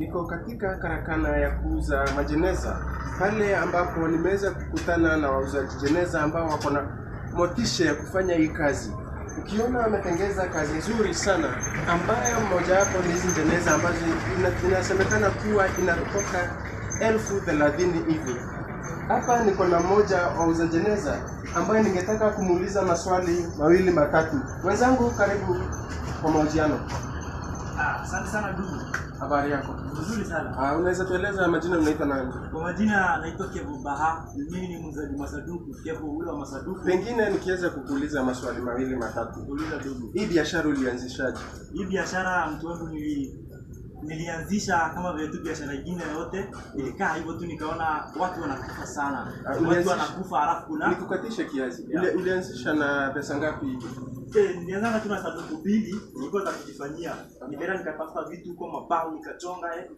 Niko katika karakana ya kuuza majeneza pale ambapo nimeweza kukutana na wauzaji jeneza ambao wako na motisha ya kufanya hii kazi. Ukiona wametengeza kazi nzuri sana, ambayo mmojawapo ni hizi jeneza ambazo inasemekana kuwa inatoka elfu thelathini hivi. Hapa niko na mmoja wa uza jeneza ambaye ningetaka kumuuliza maswali mawili matatu. Mwenzangu, karibu kwa mahojiano. Ah, asante sana ndugu. Habari yako? Nzuri sana. Ah, unaweza tueleza majina unaitwa nani? Kwa majina naitwa Kevo Baha. Mimi ni mzaji Masaduku, Kevo ule wa Masaduku. Pengine nikiweza kukuuliza maswali mawili matatu. Kuuliza ndugu. Hii biashara ulianzishaje? Hii biashara mtu wangu ni nilianzisha kama vile tu biashara nyingine yote ilikaa hivyo tu, nikaona watu wanakufa sana, ah, watu wanakufa halafu kuna nikukatisha kiasi. ulianzisha na pesa ngapi hivi? Eh, nilianza na tuna sababu mbili, nilikuwa za kujifanyia, nikaenda nikatafuta vitu huko mabao nikachonga eh